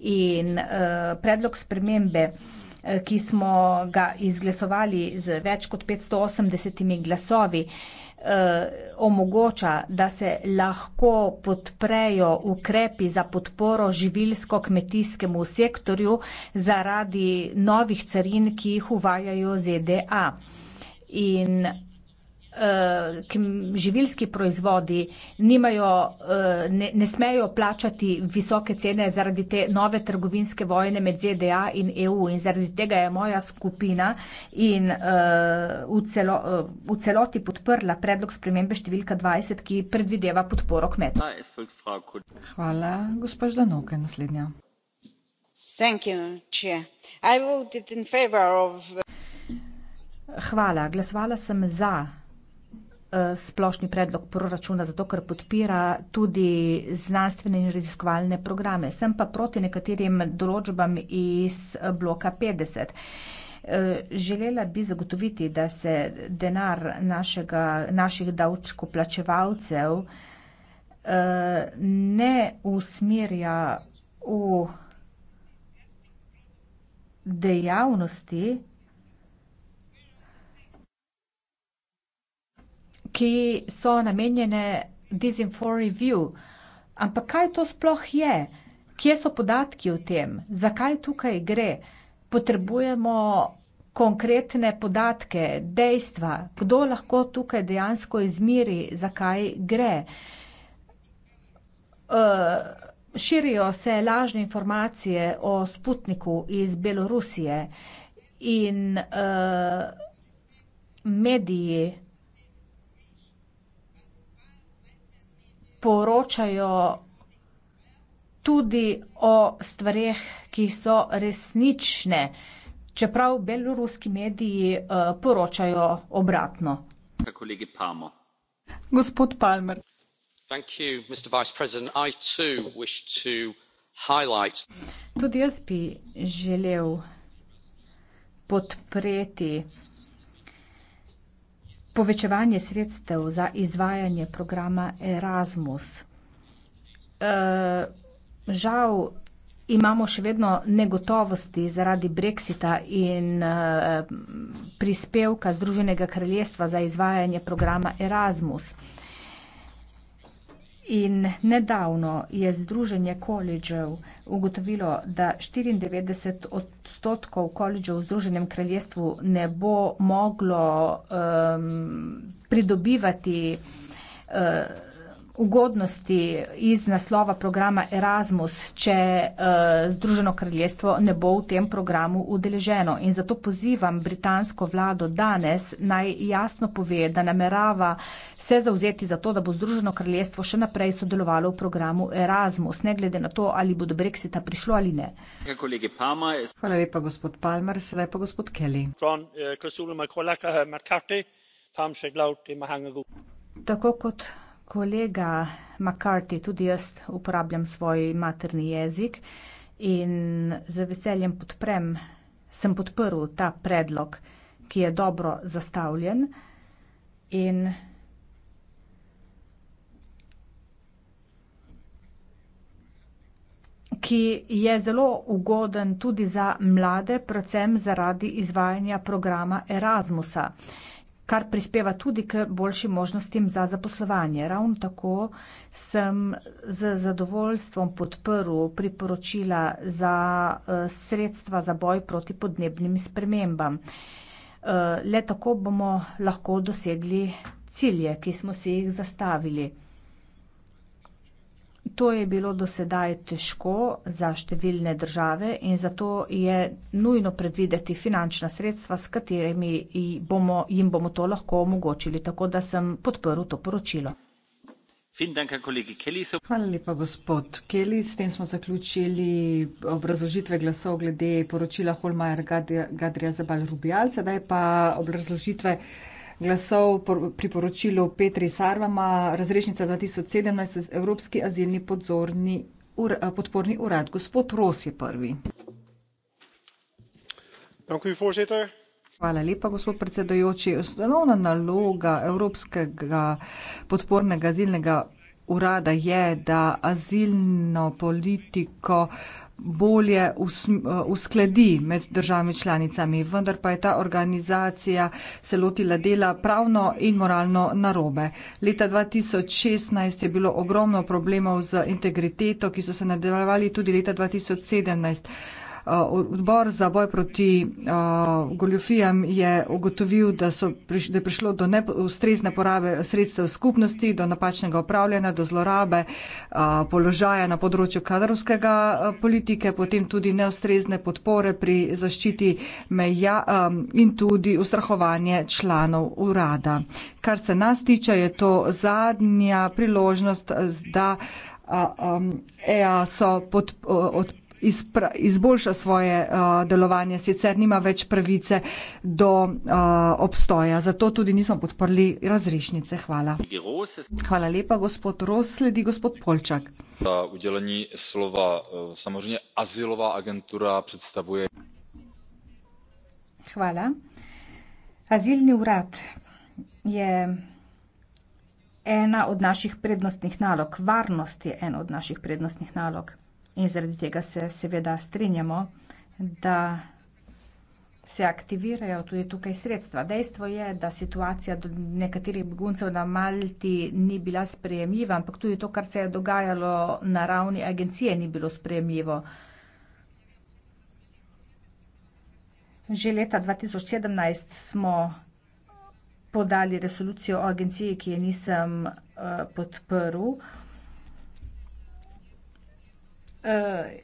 in eh, predlog spremembe eh, ki smo ga izglasovali z več kot 580 glasovi, eh, omogoča, da se lahko podprejo ukrepi za podporo živilsko-kmetijskemu sektorju zaradi novih carin, ki jih uvajajo ZDA. In uh, živilski proizvodi nimajo, uh, ne, ne smejo plačati visoke cene zaradi te nove trgovinske vojne med ZDA in EU in zaradi tega je moja skupina in uh, v, celo, uh, v celoti podprla predlog spremembe številka 20, ki predvideva podporo kmetom. Hvala, gospod Danoke, naslednja. Hvala. Glasovala sem za Eh, splošni predlog proračuna, zato ker podpira tudi znanstvene in raziskovalne programe. Sem pa proti nekaterim določbam iz bloka 50. Eh, želela bi zagotoviti, da se denar našega, naših davčkoplačevalcev eh, ne usmerja v dejavnosti, ki so namenjene Disinfor Review. Ampak kaj to sploh je? Kje so podatki o tem? Zakaj tukaj gre? Potrebujemo konkretne podatke, dejstva, kdo lahko tukaj dejansko izmiri, zakaj gre. Uh, širijo se lažne informacije o Sputniku iz Belorusije in uh, mediji poročajo tudi o stvarih, ki so resnične, čeprav beloruski mediji eh, poročajo obratno. Gospod Palmer. Tudi jaz bi želel podpreti povečevanje sredstev za izvajanje programa Erasmus. E, žal imamo še vedno negotovosti zaradi Brexita in e, prispevka Združenega kraljestva za izvajanje programa Erasmus. In nedavno je Združenje koledžev ugotovilo, da 94 odstotkov koledžev v Združenem kraljestvu ne bo moglo um, pridobivati um, ugodnosti iz naslova programa Erasmus, če eh, Združeno kraljestvo ne bo v tem programu udeleženo. In zato pozivam britansko vlado danes naj jasno pove, da namerava se zauzeti za to, da bo Združeno kraljestvo še naprej sodelovalo v programu Erasmus, ne glede na to, ali bo do Brexita prišlo ali ne. Hvala lepa, gospod Palmer. Sedaj pa gospod Kelly. Eh, eh, Tako kot kolega McCarthy, tudi jaz uporabljam svoj materni jezik in z veseljem podprem, sem podprl ta predlog, ki je dobro zastavljen in ki je zelo ugoden tudi za mlade, predvsem zaradi izvajanja programa Erasmusa kar prispeva tudi k boljšim možnostim za zaposlovanje. Ravno tako sem z zadovoljstvom podprl priporočila za eh, sredstva za boj proti podnebnim spremembam. Eh, le tako bomo lahko dosegli cilje, ki smo si jih zastavili. To je bilo do sedaj težko za številne države in zato je nujno predvideti finančna sredstva, s katerimi bomo, jim bomo to lahko omogočili. Tako da sem podprl to poročilo. Hvala lepa, gospod Kelly. S tem smo zaključili obrazložitve glasov glede poročila Holmajer Gadrija Zabal Rubial. Sedaj pa obrazložitve glasov priporočilo Petri Sarvama, razrešnica 2017, Evropski azilni podzorni, ur, podporni urad. Gospod Ros je prvi. Hvala lepa, gospod predsedojoči. Osnovna naloga Evropskega podpornega azilnega urada je, da azilno politiko uh, bolje uh, uskladi med državami članicami, vendar pa je ta organizacija se lotila dela pravno in moralno narobe. Leta 2016 je bilo ogromno problemov z integriteto, ki so se nadaljevali tudi leta 2017. Eh, odbor za boj proti uh, eh, goljofijam je ugotovil, da, so, da je prišlo do neustrezne porabe sredstev skupnosti, do napačnega upravljanja, do zlorabe uh, položaja na področju kadrovskega uh, politike, potem tudi neustrezne podpore pri zaščiti meja um, in tudi ustrahovanje članov urada. Kar se nas tiče, je to zadnja priložnost, da uh, um, EASO odpravlja izpra, izboljša svoje uh, delovanje, sicer nima več pravice do uh, obstoja. Zato tudi nismo podprli razrešnice. Hvala. Hvala lepa, gospod Ros, sledi gospod Polčak. Za udelení slova eh, samozřejmě azylová agentura představuje. Hvala. Azilni urad je ena od naših prednostnih nalog, varnost je ena od naših prednostnih nalog. In zaradi tega se seveda strinjamo, da se aktivirajo tudi tukaj sredstva. Dejstvo je, da situacija do nekaterih beguncev na Malti ni bila sprejemljiva, ampak tudi to, kar se je dogajalo na ravni agencije, ni bilo sprejemljivo. Že leta 2017 smo podali resolucijo o agenciji, ki je nisem uh, podprl. Uh,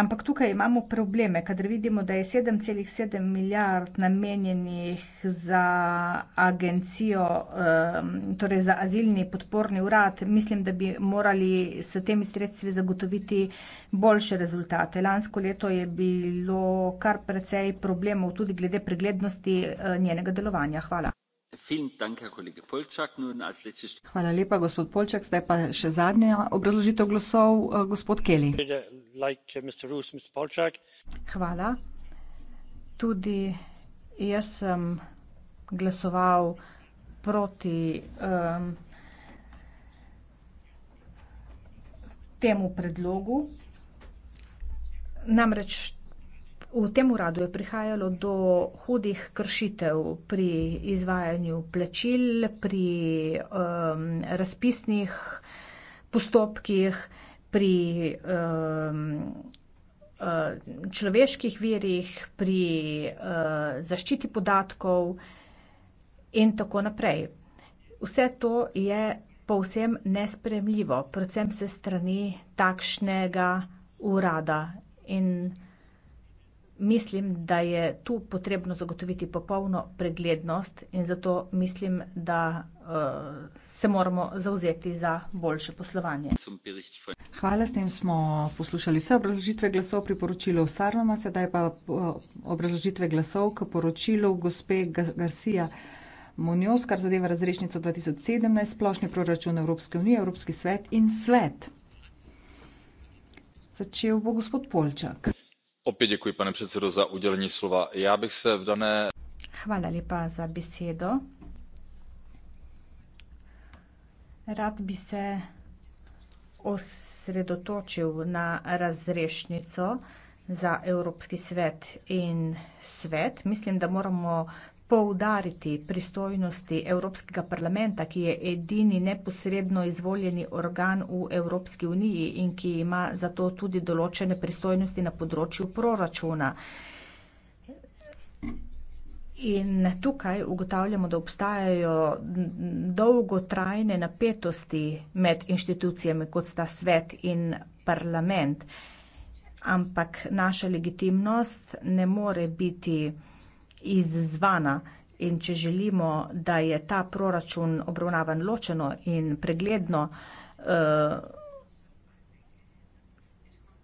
ampak tukaj imamo probleme, kadar vidimo, da je 7,7 milijard namenjenih za agencijo, um, torej za azilni podporni urad, mislim, da bi morali s temi sredstvi zagotoviti boljše rezultate. Lansko leto je bilo kar precej problemov tudi glede preglednosti uh, njenega delovanja. Hvala. Hvala lepa, gospod Poljčak. Zdaj pa še zadnja obrazložitev glasov, eh, gospod Kelly. Eh, Hvala. Tudi jaz sem glasoval proti, ehm, temu predlogu. Namreč V tem uradu je prihajalo do hudih kršitev pri izvajanju plačil, pri um, razpisnih postopkih, pri um, uh, človeških virih, pri uh, zaščiti podatkov in tako naprej. Vse to je povsem nespremljivo, predvsem se strani takšnega urada in. Mislim, da je tu potrebno zagotoviti popolno preglednost in zato mislim, da uh, se moramo zauzeti za boljše poslovanje. Hvala, s tem smo poslušali vse obrazložitve glasov pri poročilu Sarnoma, sedaj pa eh, obrazložitve glasov k poročilu gospe Garcia. Monjos, kar zadeva razrešnico 2017, splošni proračun Evropske unije, Evropski svet in svet. Začel bo gospod Polčak. Opět děkuji, pane předsedo, za udělení slova. Já bych se v dané... Hvala lepa za besedo. Rad bi se osredotočil na razrešnico za Evropski svet in svet. Mislim, da moramo poudariti pristojnosti Evropskega parlamenta, ki je edini neposredno izvoljeni organ v Evropski uniji in ki ima zato tudi določene pristojnosti na področju proračuna. In tukaj ugotavljamo, da obstajajo dolgotrajne napetosti med inštitucijami, kot sta svet in parlament. Ampak naša legitimnost ne more biti izzvana. In če želimo, da je ta proračun obravnavan ločeno in pregledno, eh,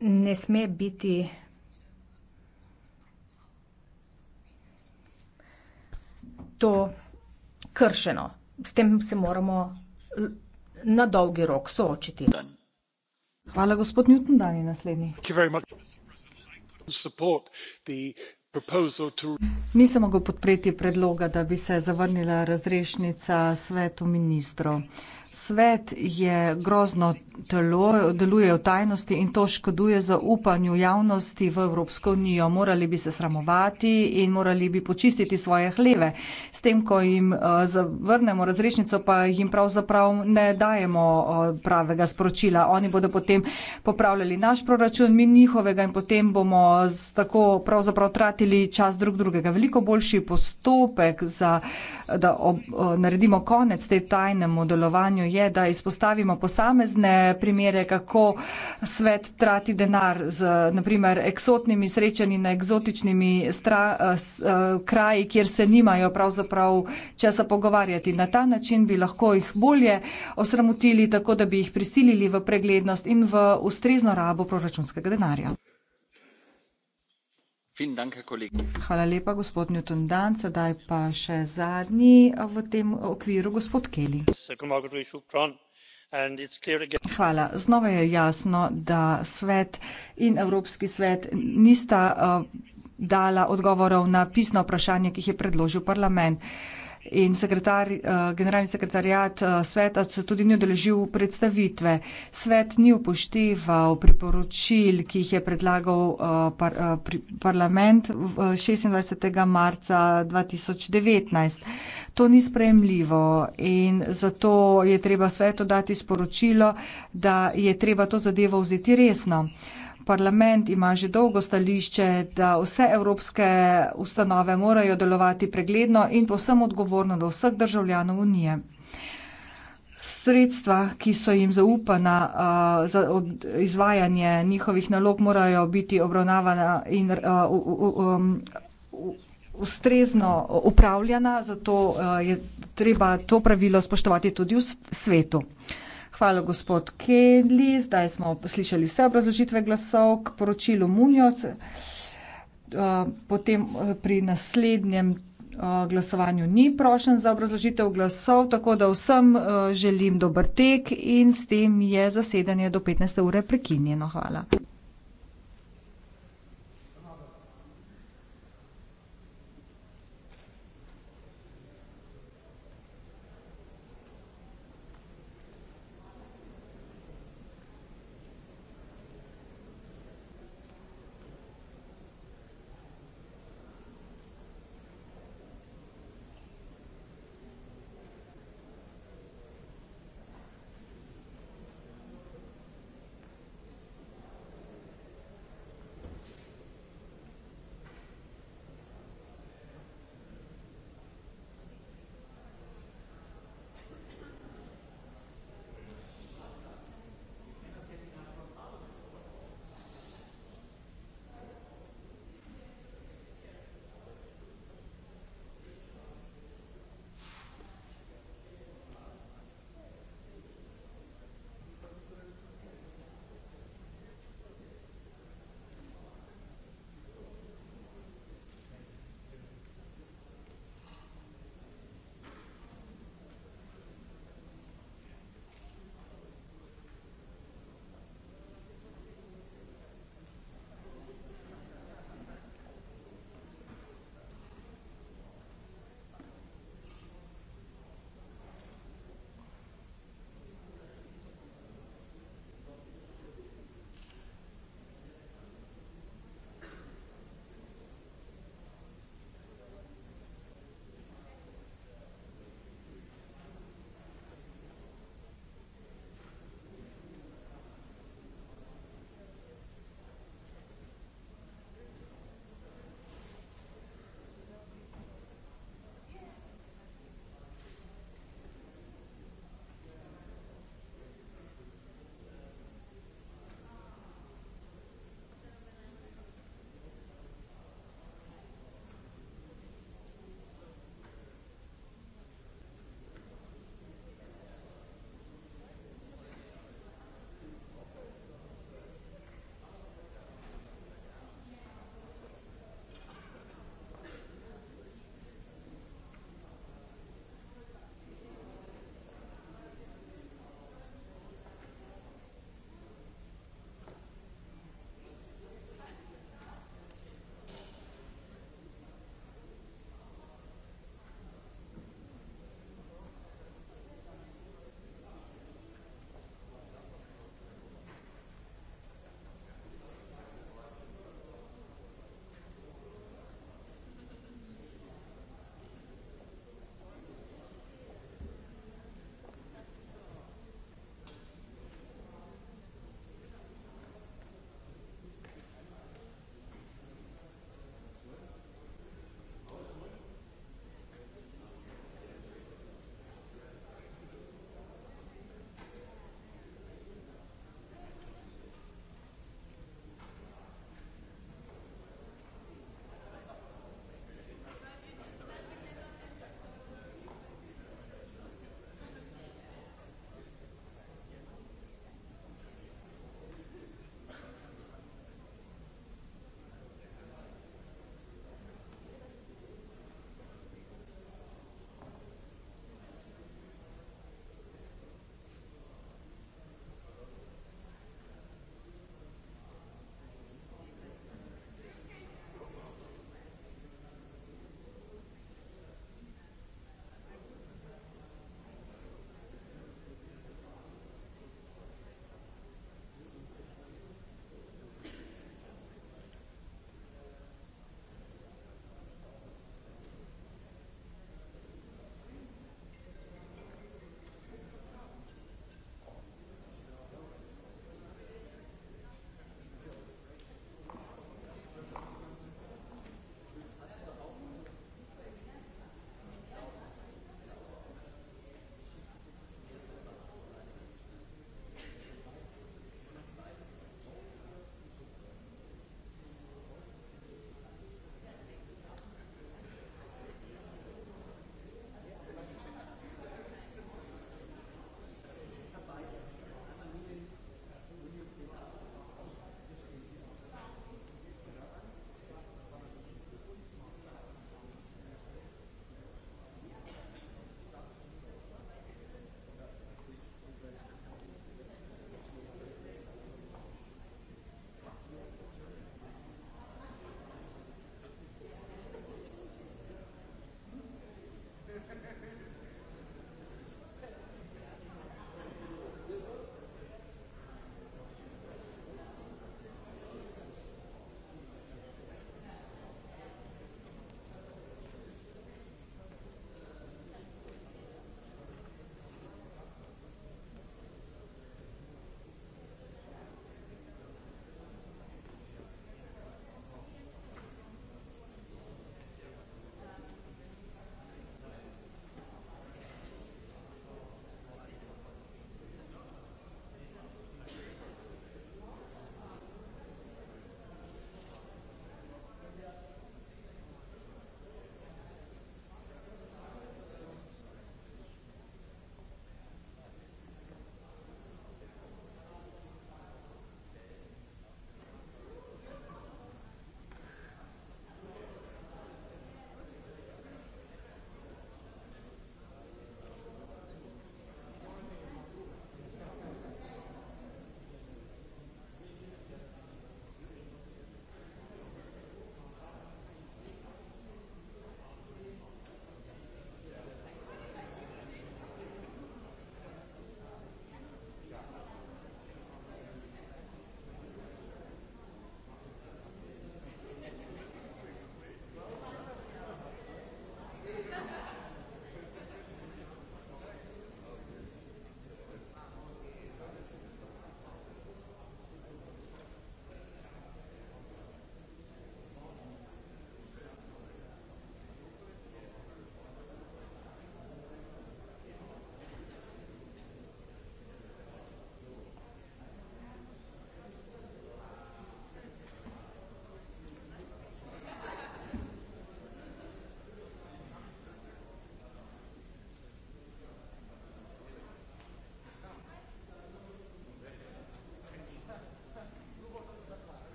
ne sme biti to kršeno. S tem se moramo na dolgi rok soočiti. Hvala, gospod Newton. Dani naslednji. Nisem mogel podpreti predloga, da bi se zavrnila razrešnica svetu ministrov. Svet je grozno telo, deluje v tajnosti in to škoduje zaupanju javnosti v Evropsko unijo. Morali bi se sramovati in morali bi počistiti svoje hleve. S tem, ko jim eh, zavrnemo razrešnico, pa jim pravzaprav ne dajemo eh, pravega sporočila. Oni bodo potem popravljali naš proračun, mi njihovega in potem bomo tako pravzaprav tratili čas drug drugega. Veliko boljši postopek, za, da ob, eh, naredimo konec te tajnemu delovanju vprašanju je, da izpostavimo posamezne primere, kako svet trati denar z naprimer eksotnimi srečanji na eksotičnimi stra, s, eh, kraji, kjer se nimajo pravzaprav česa pogovarjati. Na ta način bi lahko jih bolje osramotili, tako da bi jih prisilili v preglednost in v ustrezno rabo proračunskega denarja. Hvala lepa, gospod Newton Dan. Sedaj pa še zadnji eh, v tem okviru, gospod Kelly. Hvala. Znova je jasno, da svet in Evropski svet nista eh, dala odgovorov na pisno vprašanje, ki jih je predložil parlament in sekretar, eh, generalni sekretarjat eh, sveta se tudi ni odeležil predstavitve. Svet ni upošteval priporočil, ki jih je predlagal eh, par, pri, parlament 26. marca 2019. To ni sprejemljivo in zato je treba svetu dati sporočilo, da je treba to zadevo vzeti resno parlament ima že dolgo stališče, da vse evropske ustanove morajo delovati pregledno in povsem odgovorno do vseh državljanov Unije. Sredstva, ki so jim zaupana uh, za izvajanje njihovih nalog, morajo biti obravnavana in uh, um, ustrezno upravljana, zato uh, je treba to pravilo spoštovati tudi v svetu. Hvala, gospod Kedli. Zdaj smo poslišali vse obrazložitve glasov k poročilu Munjos. Eh, potem eh, pri naslednjem eh, glasovanju ni prošen za obrazložitev glasov, tako da vsem želim dober tek in s tem je zasedanje do 15. ure prekinjeno. Hvala.